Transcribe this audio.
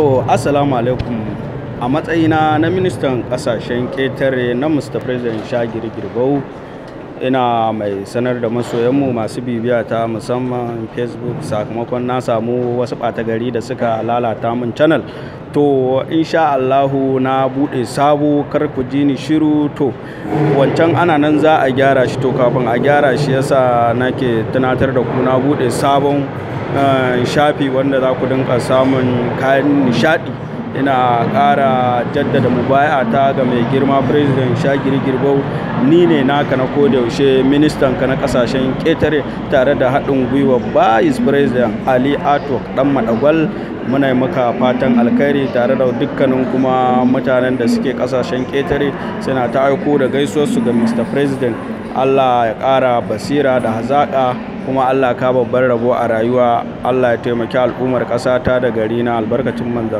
To, Assalamu alaikum. A matsayina na ministan kasashen ƙetare na Mr. President Shagir girgau ina mai sanar da masoyanmu masu bibiya ta musamman Facebook sakamakon na samu wasu ɓatagari gari da suka lalata min channel. To, insha Allahu na buɗe sabo kar ku ji ni shiru to, wancan ana nan za a gyara shi to kafin a gyara shi yasa nake tunatar da ku na buɗe sabon shafi wanda za ku dinka samun kayan nishaɗi ina ƙara jaddada mubaya ta ga mai girma president shagiri girbau ni ne naka na kodayaushe ministan ka na kasashen ƙetare tare da haɗin gwiwa bayis president ali ato dan madagwal muna maka fatan alkhairi tare da dukkanin kuma mutanen da suke kasashen ƙetare suna ta aiko da gaisuwarsu ga mr president allah ya ƙara basira da hazaƙa kuma Allah ka babban rabo a rayuwa Allah ya taimaki al'ummar ƙasa ta da gari na albarkacin manzan